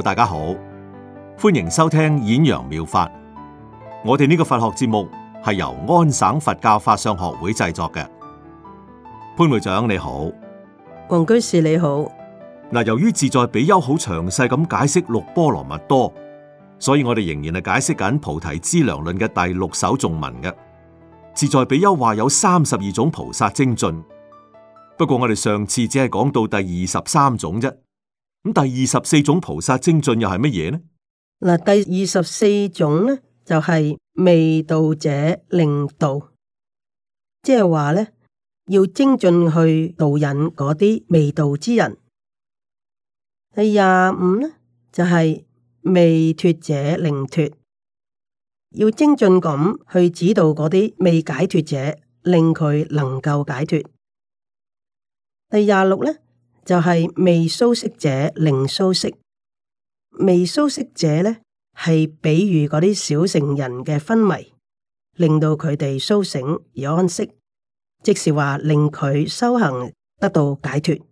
大家好，歡迎收聽演揚妙，妙法。我哋呢個佛學節目係由安省佛教法相學會製作嘅。潘會長你好，黃居士你好。嗱，由於自在比丘好詳細咁解釋六波羅蜜多，所以我哋仍然係解釋緊《菩提資糧論》嘅第六首頌文嘅。自在比丘話有三十二種菩薩精進，不過我哋上次只係講到第二十三種啫。咁第二十四種菩薩精進又係乜嘢呢？嗱，第二十四種呢，就係、是、未道者令道，即係話呢，要精進去導引嗰啲未道之人。第廿五呢，就係、是、未脫者令脫，要精進咁去指導嗰啲未解脫者，令佢能夠解脫。第廿六呢？就係未蘇息者令蘇息。未蘇息者呢，係比喻嗰啲小乘人嘅昏迷，令到佢哋蘇醒而安息，即是話令佢修行得到解脫。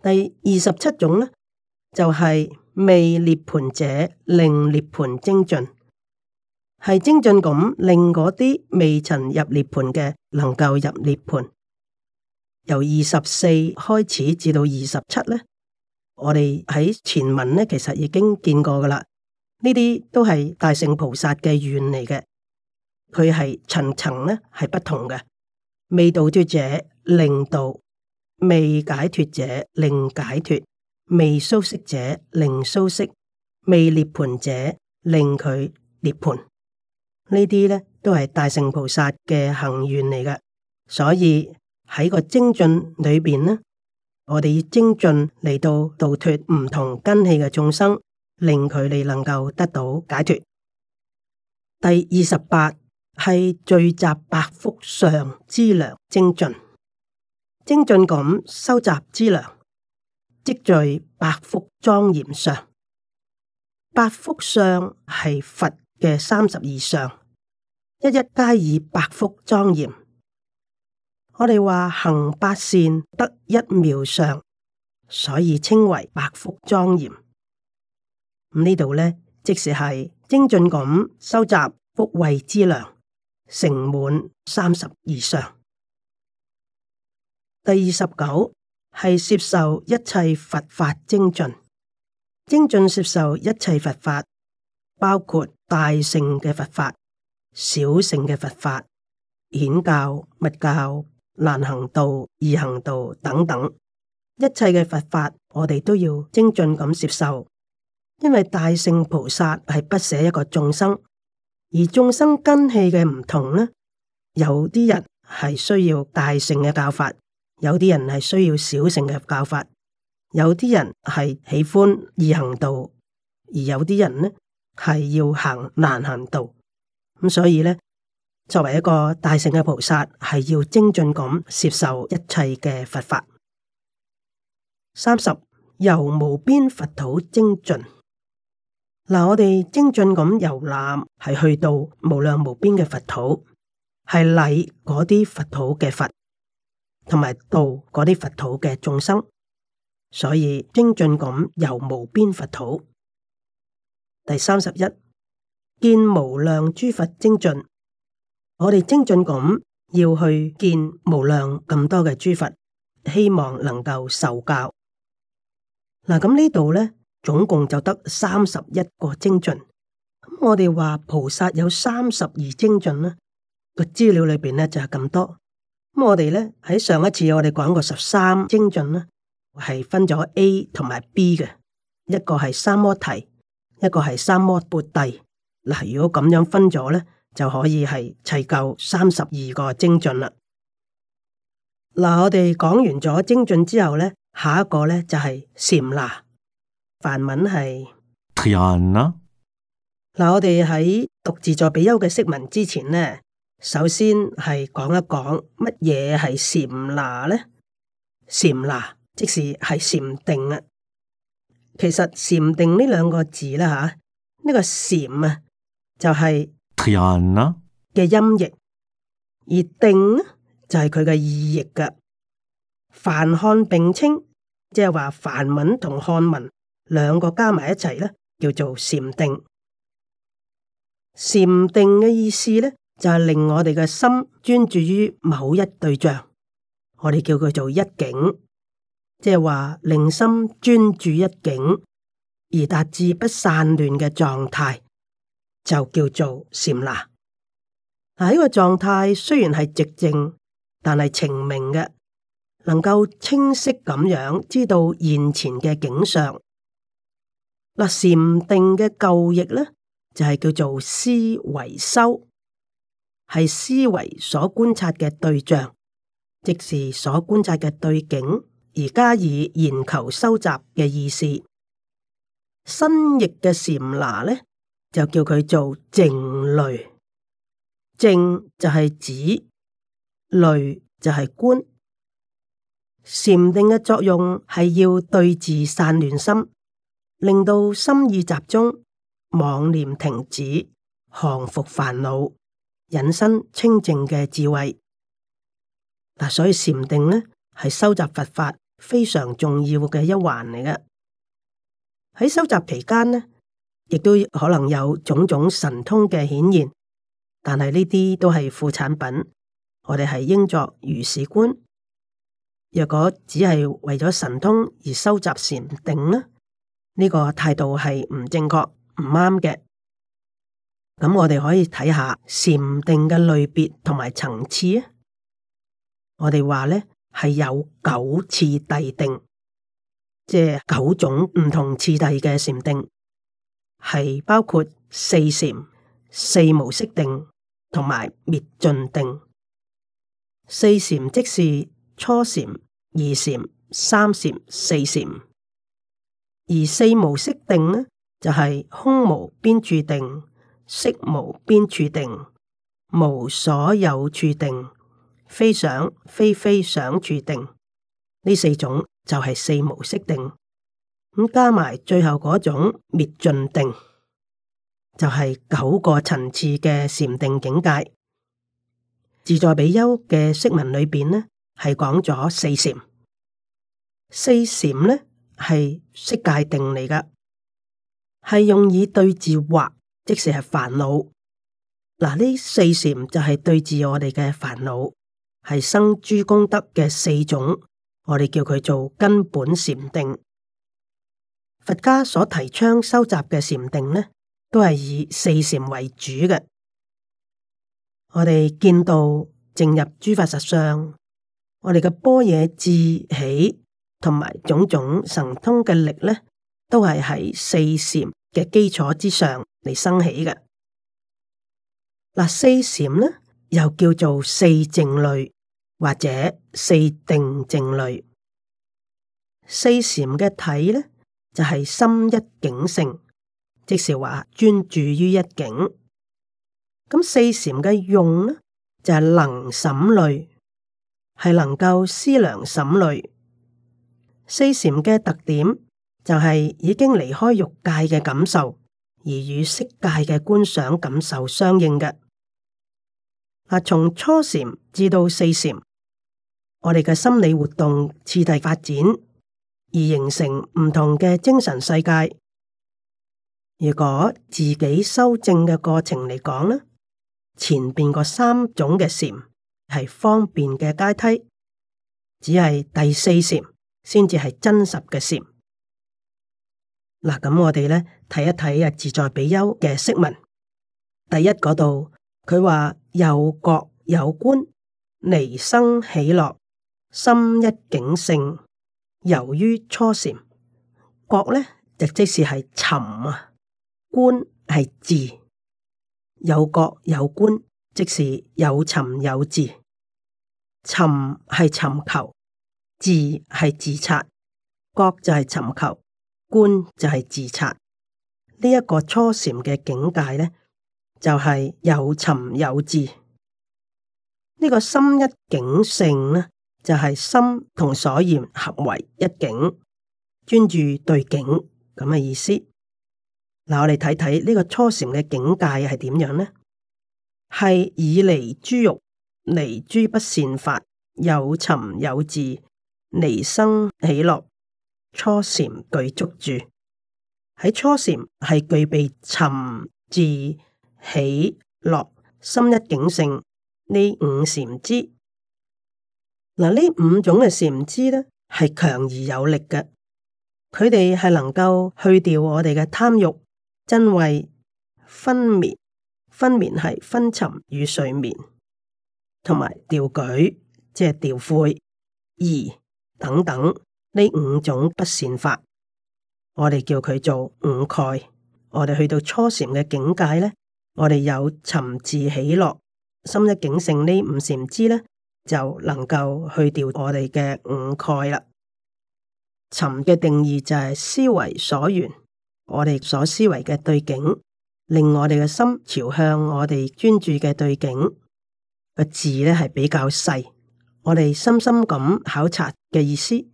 第二十七種呢，就係未涅盤者令涅盤精進，係精進咁令嗰啲未曾入涅盤嘅能夠入涅盤。由二十四開始至到二十七呢，我哋喺前文呢其實已經見過噶啦。呢啲都係大聖菩薩嘅願嚟嘅，佢係層層呢係不同嘅。未度脫者令度，未解脫者令解脫，未蘇息者令蘇息，未涅槃者令佢涅槃。呢啲呢都係大聖菩薩嘅行願嚟嘅，所以。喺個精進裏邊呢，我哋要精進嚟到度脱唔同根器嘅眾生，令佢哋能夠得到解脱。第二十八係聚集百福相之糧精進，精進咁收集之糧，積聚百福莊嚴相。百福相係佛嘅三十二相，一一皆以百福莊嚴。我哋話行百善得一妙相，所以稱為百福莊嚴。嗯，呢度呢，即使係精進咁收集福慧之糧，成滿三十以上。第二十九係接受一切佛法精進，精進接受一切佛法，包括大乘嘅佛法、小乘嘅佛法、顯教、密教。難行道、易行道等等，一切嘅佛法，我哋都要精進咁接受，因為大乘菩薩係不捨一個眾生，而眾生根器嘅唔同呢，有啲人係需要大乘嘅教法，有啲人係需要小乘嘅教法，有啲人係喜歡易行道，而有啲人呢係要行難行道，咁所以呢。作為一個大聖嘅菩薩，係要精進咁接受一切嘅佛法。三十遊無邊佛土精進，嗱，我哋精進咁遊覽，係去到無量無邊嘅佛土，係禮嗰啲佛土嘅佛，同埋度嗰啲佛土嘅眾生。所以精進咁遊無邊佛土。第三十一見無量諸佛精進。我哋精進咁要去見無量咁多嘅諸佛，希望能夠受教。嗱、啊，咁、嗯、呢度咧，總共就得三十一個精進。咁、嗯、我哋話菩薩有三十二精進啦，個資料裏邊咧就係、是、咁多。咁、嗯、我哋咧喺上一次我哋講過十三精進啦，係分咗 A 同埋 B 嘅，一個係三摩提，一個係三摩缽帝。嗱、啊，如果咁樣分咗咧。就可以係砌夠三十二個精進啦。嗱，我哋講完咗精進之後咧，下一個咧就係禪那。梵文係 dhyana 嗱，哪我哋喺讀自在比丘嘅釋文之前咧，首先係講一講乜嘢係禪那咧。禪那，即是係禪定啊。其實禪定呢兩個字啦吓，呢個禪啊，就係。天啦嘅音譯，而定呢就係佢嘅意譯嘅。梵漢並稱，即係話梵文同漢文兩個加埋一齊呢，叫做禪定。禪定嘅意思呢，就係、是、令我哋嘅心專注於某一對象，我哋叫佢做一境，即係話令心專注一境，而達至不散亂嘅狀態。就叫做禪啦。嗱，呢個狀態雖然係寂靜，但係澄明嘅，能夠清晰咁樣知道現前嘅景象。嗱，禪定嘅舊譯咧，就係、是、叫做思維修，係思維所觀察嘅對象，即是所觀察嘅對境而加以研求收集嘅意思。新譯嘅禪那咧，就叫佢做靜慮，靜就係止，慮就係觀。禪定嘅作用係要對治散亂心，令到心意集中，妄念停止，降伏煩惱，引申清淨嘅智慧。嗱，所以禪定呢係收集佛法非常重要嘅一環嚟嘅。喺收集期間呢。亦都可能有種種神通嘅顯現，但係呢啲都係副產品，我哋係應作如是觀。若果只係為咗神通而收集禪定呢，呢個態度係唔正確、唔啱嘅。咁我哋可以睇下禪定嘅類別同埋層次啊。我哋話咧係有九次第定，即係九種唔同次第嘅禪定。係包括四禪、四無色定同埋滅盡定。四禪即是初禪、二禪、三禪、四禪。而四無色定呢，就係、是、空無邊處定、色無邊處定、無所有處定、非想非非想處定。呢四種就係四無色定。咁加埋最後嗰種滅盡定，就係九個層次嘅禪定境界。自在比丘嘅釋文裏邊呢，係講咗四禪。四禪呢係色界定嚟噶，係用以對治惑，即是係煩惱。嗱，呢四禪就係對治我哋嘅煩惱，係生諸功德嘅四種。我哋叫佢做根本禪定。佛家所提倡收集嘅禪定呢，都係以四禪為主嘅。我哋見到證入諸法實相，我哋嘅般若智起同埋種種神通嘅力呢，都係喺四禪嘅基礎之上嚟生起嘅。嗱，四禪呢，又叫做四靜慮或者四定靜慮，四禪嘅體呢。就係心一境性，即是話專注於一境。咁四禪嘅用呢，就係、是、能審慮，係能夠思量審慮。四禪嘅特點就係已經離開欲界嘅感受，而與色界嘅觀賞感受相應嘅。嗱，從初禪至到四禪，我哋嘅心理活動次第發展。而形成唔同嘅精神世界。如果自己修正嘅過程嚟講呢，前邊個三種嘅禪係方便嘅階梯，只係第四禪先至係真實嘅禪。嗱，咁我哋呢，睇一睇啊自在比丘嘅釋文，第一嗰度佢話有覺有觀，離生喜樂，心一境性。由於初禪，覺咧就即是係尋啊，觀係伺；有覺有觀，即是有尋有伺。尋係尋求，伺係伺察，覺就係尋求，觀就係伺察。呢、這、一個初禪嘅境界咧，就係、是、有尋有伺。呢、這個心一境性呢？就係心同所言合為一境，專注對境咁嘅意思。嗱，我哋睇睇呢個初禪嘅境界係點樣呢？係以離諸欲，離諸不善法，有尋有伺，離生喜樂。初禪具足住喺初禪，係具備尋伺喜樂心一境性呢五禪支。嗱，呢五種嘅禪支呢，係強而有力嘅，佢哋係能夠去掉我哋嘅貪欲、嗔恚、昏眠、昏眠係昏沉與睡眠，同埋掉舉即係掉悔、疑等等呢五種不善法。我哋叫佢做五蓋。我哋去到初禪嘅境界呢，我哋有尋伺喜樂、心一境性呢五禪支呢。就能夠去掉我哋嘅五蓋啦。尋嘅定義就係思維所緣，我哋所思維嘅對境，令我哋嘅心朝向我哋專注嘅對境。伺字呢係比較細，我哋深深咁考察嘅意思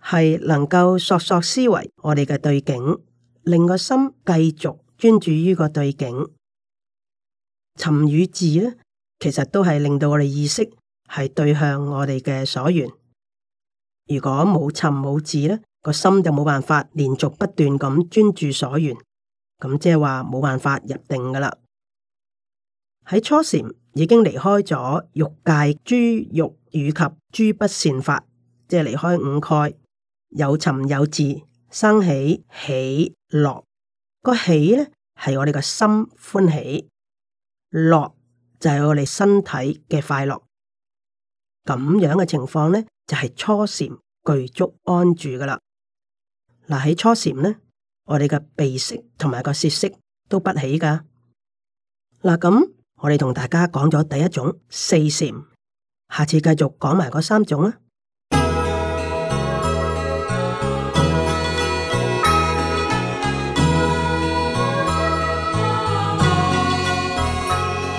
係能夠索索思維我哋嘅對境，令個心繼續專注於個對境。尋與伺呢。其實都係令到我哋意識係對向我哋嘅所緣。如果冇尋冇伺咧，個心就冇辦法連續不斷咁專注所緣，咁即係話冇辦法入定噶啦。喺初禪已經離開咗欲界諸欲以及諸不善法，即係離開五蓋，有尋有伺生起喜樂。起落那個喜咧係我哋嘅心歡喜，樂。就係我哋身體嘅快樂，咁樣嘅情況咧，就係初禪具足安住噶喇。嗱喺初禪咧，我哋嘅鼻識同埋個舌識都不起噶。嗱咁，我哋同大家講咗第一種四禪，下次繼續講埋嗰三種啦。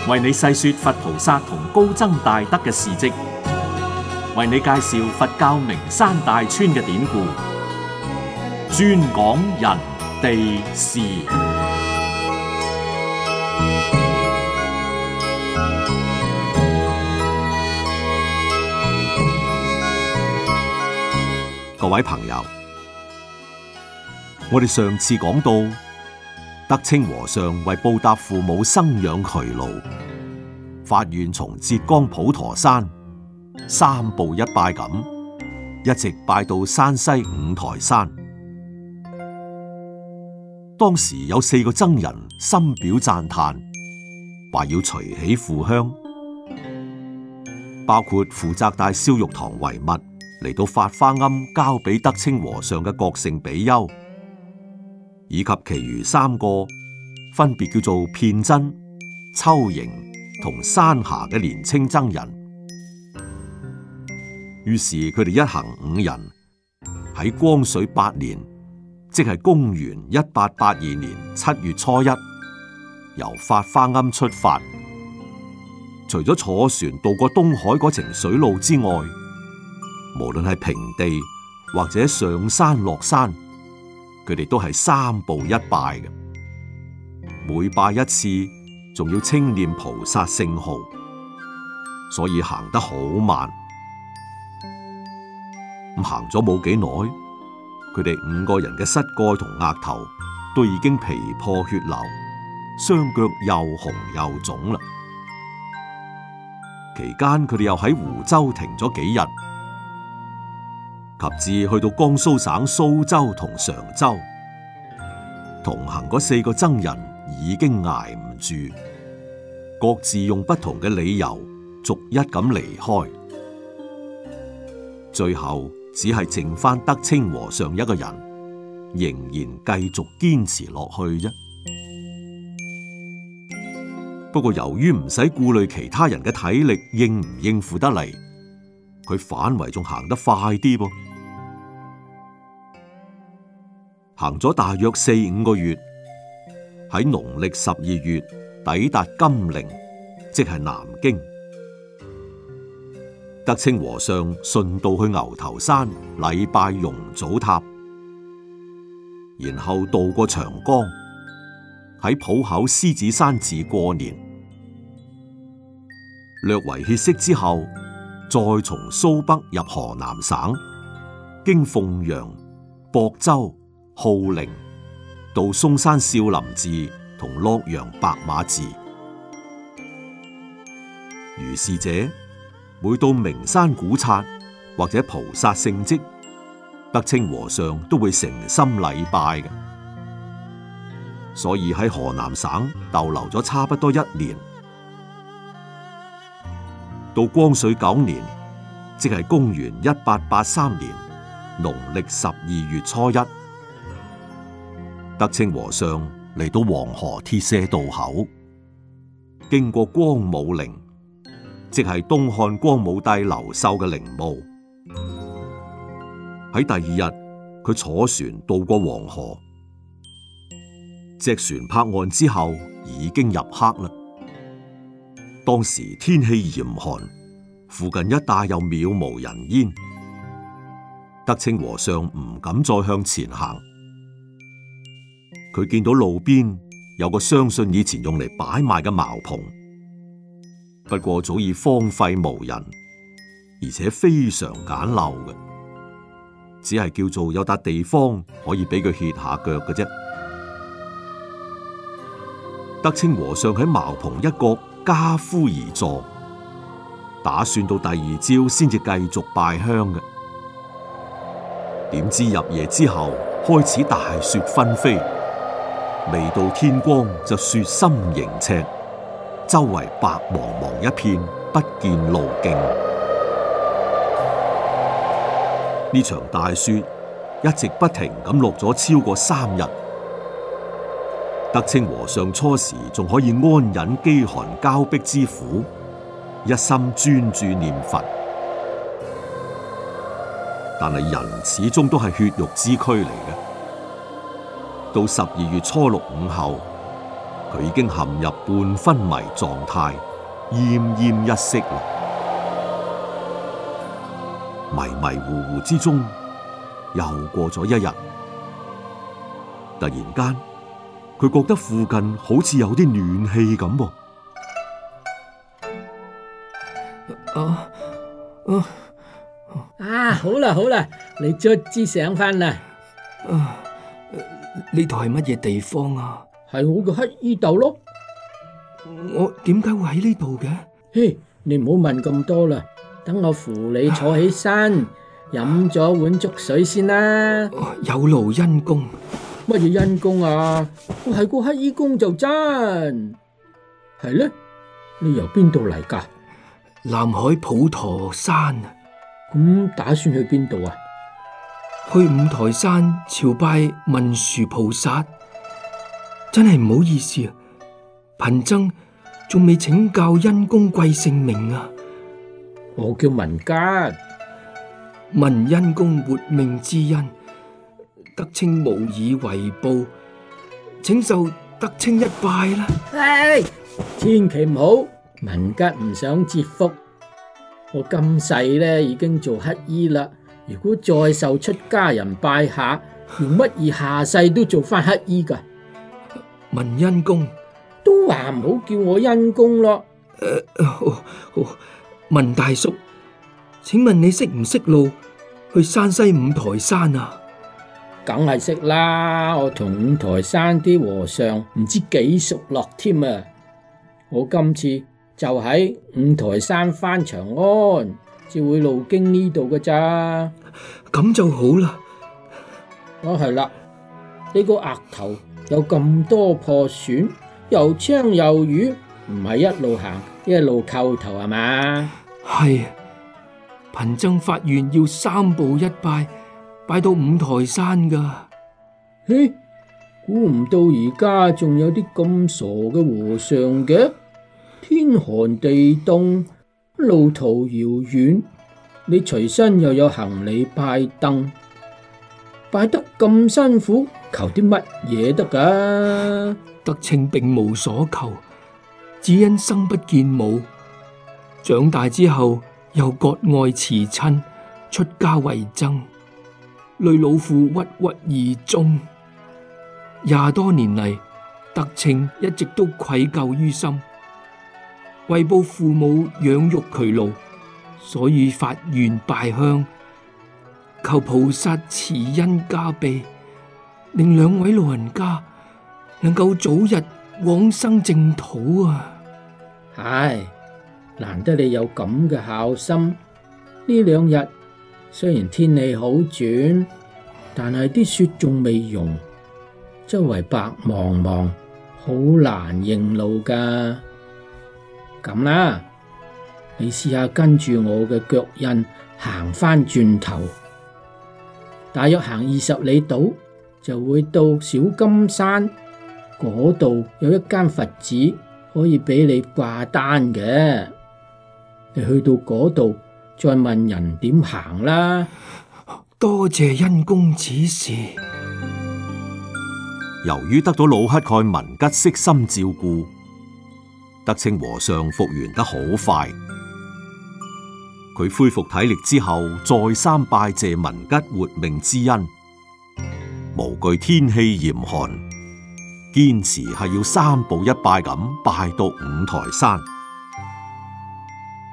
為你細說佛菩薩同高僧大德嘅事跡，為你介紹佛教名山大川嘅典故，專講人地事。各位朋友，我哋上次講到，德清和尚為報答父母生養劬勞，發願從浙江普陀山三步一拜咁，一直拜到山西五台山。當時有四個僧人，深表讚嘆，話要隨喜扶香，包括負責帶蕭玉堂遺物嚟到法花庵，交俾德清和尚嘅國姓比丘。以及其餘三個分別叫做遍真、秋凝同山遐嘅年青僧人。於是佢哋一行五人喺光緒八年，即係公元一八八二年七月初一，由法華庵出發。除咗坐船渡過東海嗰程水路之外，無論係平地或者上山落山，佢哋都係三步一拜嘅，每拜一次仲要清念菩薩聖號，所以行得好慢。咁行咗冇幾耐，佢哋五個人嘅膝蓋同額頭都已經皮破血流，雙腳又紅又腫啦。期間，佢哋又喺湖州停咗幾日。合至去到江蘇省蘇州同常州，同行嗰四個僧人已經挨唔住，各自用不同嘅理由逐一咁離開，最後只係剩翻德清和尚一個人，仍然繼續堅持落去啫。不過由於唔使顧慮其他人嘅體力應唔應付得嚟，佢反為仲行得快啲噃。行咗大約四五個月，喺農曆十二月抵達金陵，即係南京。德清和尚順道去牛頭山禮拜容祖塔，然後渡過長江，喺浦口獅子山寺過年。略為歇息之後，再從蘇北入河南省，經鳳陽、亳州。號令到嵩山少林寺同洛陽白馬寺，如是者每到名山古刹或者菩薩聖迹，德清和尚都會誠心禮拜嘅。所以喺河南省逗留咗差不多一年，到光緒九年，即係公元一八八三年農曆十二月初一。德清和尚嚟到黃河鐵舍渡口，經過光武陵，即係東漢光武帝劉秀嘅陵墓。喺第二日，佢坐船渡過黃河，隻船泊岸之後已經入黑啦。當時天氣嚴寒，附近一帶又渺無人煙，德清和尚唔敢再向前行。佢見到路邊有個相信以前用嚟擺賣嘅茅棚，不過早已荒廢無人，而且非常簡陋嘅，只係叫做有笪地方可以俾佢歇下腳嘅啫。德清和尚喺茅棚一角跏趺而坐，打算到第二朝先至繼續拜香嘅。點知入夜之後開始大雪紛飛。未到天光就雪深盈尺，周圍白茫茫一片，不見路徑。呢 場大雪一直不停咁落咗超過三日。德清和尚初時仲可以安忍飢寒交迫之苦，一心專注念佛。但係人始終都係血肉之軀嚟嘅。到十二月初六午後，佢已經陷入半昏迷狀態，奄奄一息啦。迷迷糊糊之中，又過咗一日。突然間，佢覺得附近好似有啲暖氣咁噃。啊啊啊！好啦好啦，你再支醒翻啦。呢度係乜嘢地方啊？係我個乞衣度咯。我點解會喺呢度嘅？嘿，你唔好問咁多啦。等我扶你坐起身，飲咗、啊、碗粥水先啦。啊、有勞恩公，乜嘢恩公啊？我、哦、係個乞衣公就真係咧。你由邊度嚟噶？南海普陀山啊。咁、嗯、打算去邊度啊？去五台山朝拜文殊菩薩，真係唔好意思啊！貧僧仲未請教恩公貴姓名啊！我叫文吉，聞恩公活命之恩，德清無以為報，請受德清一拜啦！千祈唔好，文吉唔想折福，我今世咧已經做乞衣啦。如果再受出家人拜下，用乜嘢下世都做返乞衣噶？問恩公，都話唔好叫我恩公咯。誒，好，好，問大叔，請問你識唔識路去山西五台山啊？梗係識啦，我同五台山啲和尚唔知幾熟落添啊！我今次就喺五台山返長安。就會路經呢度噶咋？咁就好啦。哦，係啦，你個額頭有咁多破損，又青又瘀，唔係一路行一路叩頭係嘛？係。貧僧發願要三步一拜，拜到五台山噶。嘿，估唔到而家仲有啲咁傻嘅和尚嘅，天寒地凍，路途遙遠，你隨身又有行李拜登，拜得咁辛苦，求啲乜嘢得噶？德清並無所求，只因生不見母，長大之後又割愛慈親，出家為僧，累老父鬱郁而終。廿多年嚟，德清一直都愧疚於心。為報父母養育劬勞，所以發願拜香，求菩薩慈恩加被，令兩位老人家能夠早日往生淨土啊！唉、哎，難得你有咁嘅孝心。呢兩日雖然天氣好轉，但係啲雪仲未融，周圍白茫茫，好難認路噶。咁啦，你試下跟住我嘅腳印行翻轉頭，大約行二十里度就會到小金山嗰度，有一間佛寺可以俾你掛單嘅。你去到嗰度再問人點行啦。多謝恩公指示。 由於得到老乞丐文吉悉心照顧。德清和尚復原得好快，佢恢復體力之後，再三拜謝文吉活命之恩，無懼天氣嚴寒，堅持係要三步一拜咁拜到五台山。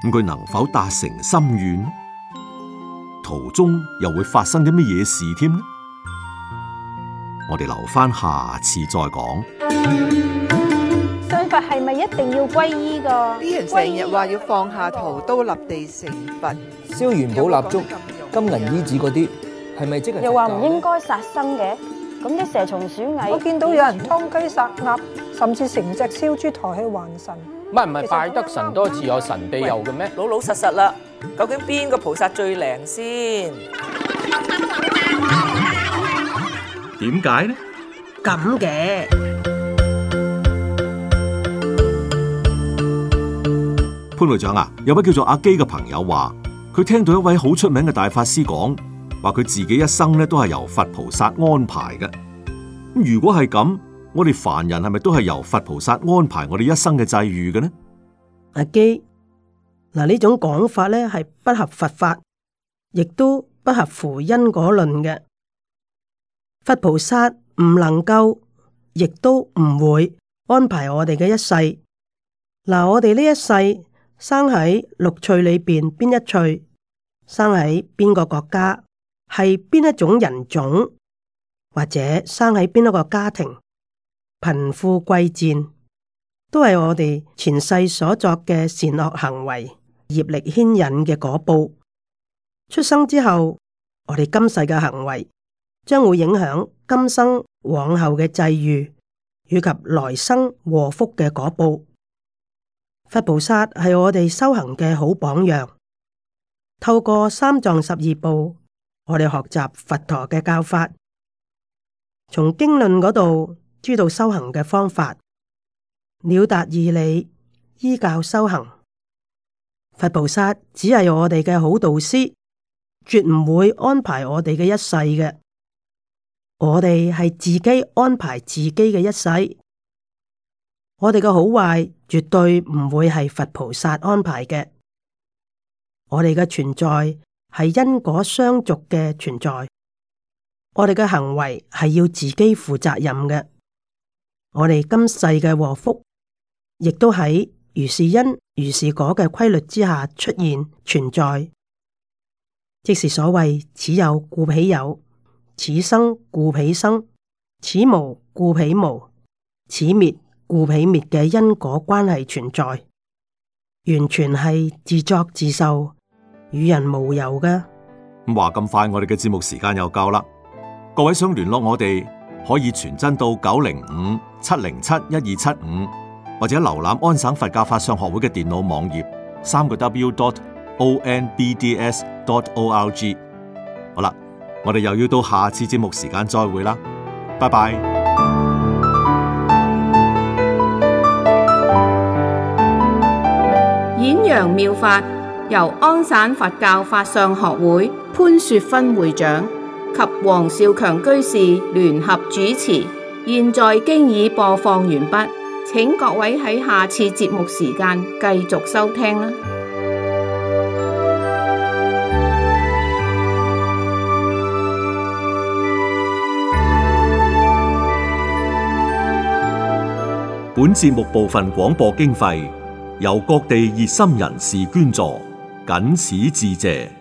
咁佢能否達成心願？途中又會發生啲乜嘢事添呢？我哋留翻下次再講。係咪一定要皈依噶？啲人成日話要放下屠刀立地成佛，燒元寶蠟燭、金銀衣紙嗰啲，係咪即係？又話唔應該殺生嘅，咁啲蛇蟲鼠蟻，我見到有人劏雞殺鴨，甚至成隻燒豬抬去還神。唔係唔係，拜得神多自有神庇佑嘅咩？老老實實啦，究竟邊個菩薩最靈先？點解呢？咁嘅。潘隊長啊，有位叫做阿基嘅朋友話，佢聽到一位好出名嘅大法師講，話佢自己一生咧都係由佛菩薩安排嘅。如果係咁，我哋凡人係咪都係由佛菩薩安排我哋一生嘅際遇嘅呢？阿基，嗱，呢種講法咧係不合佛法，亦都不合乎因果論嘅。佛菩薩唔能夠，亦都唔會安排我哋嘅一世。嗱，我哋呢一世。生喺六趣裏邊邊一趣，生喺邊個國家，係邊一種人種，或者生喺邊一個家庭，貧富貴賤，都係我哋前世所作嘅善惡行為業力牽引嘅果報。出生之後，我哋今世嘅行為，將會影響今生往後嘅際遇，以及來生禍福嘅果報。佛菩薩係我哋修行嘅好榜樣，透過三藏十二部，我哋學習佛陀嘅教法，從經論嗰度知道修行嘅方法，了達義理，依教修行。佛菩薩只係我哋嘅好導師，絕唔會安排我哋嘅一世嘅，我哋係自己安排自己嘅一世。我哋嘅好壞絕對唔會係佛菩薩安排嘅。我哋嘅存在係因果相續嘅存在。我哋嘅行為係要自己負責任嘅。我哋今世嘅禍福亦都喺如是因如是果嘅規律之下出現存在，即是所謂此有故彼有，此生故彼生，此無故彼無，此滅故、彼滅嘅因果關係存在，完全係自作自受，與人無有嘅。咁話咁快，我哋嘅節目時間又夠啦。各位想聯絡我哋，可以傳真到九零五七零七一二七五，75, 或者瀏覽安省佛教法相學會嘅電腦網頁，三個 W dot O N B D S dot O L G。好啦，我哋又要到下次節目時間再會啦，拜拜。顯揚妙法由安省佛教法相學會潘雪芬會長及黃少強居士聯合主持，現在經已播放完畢，請各位喺下次節目時間繼續收聽啦。本節目部分廣播經費，由各地熱心人士捐助，謹此致謝。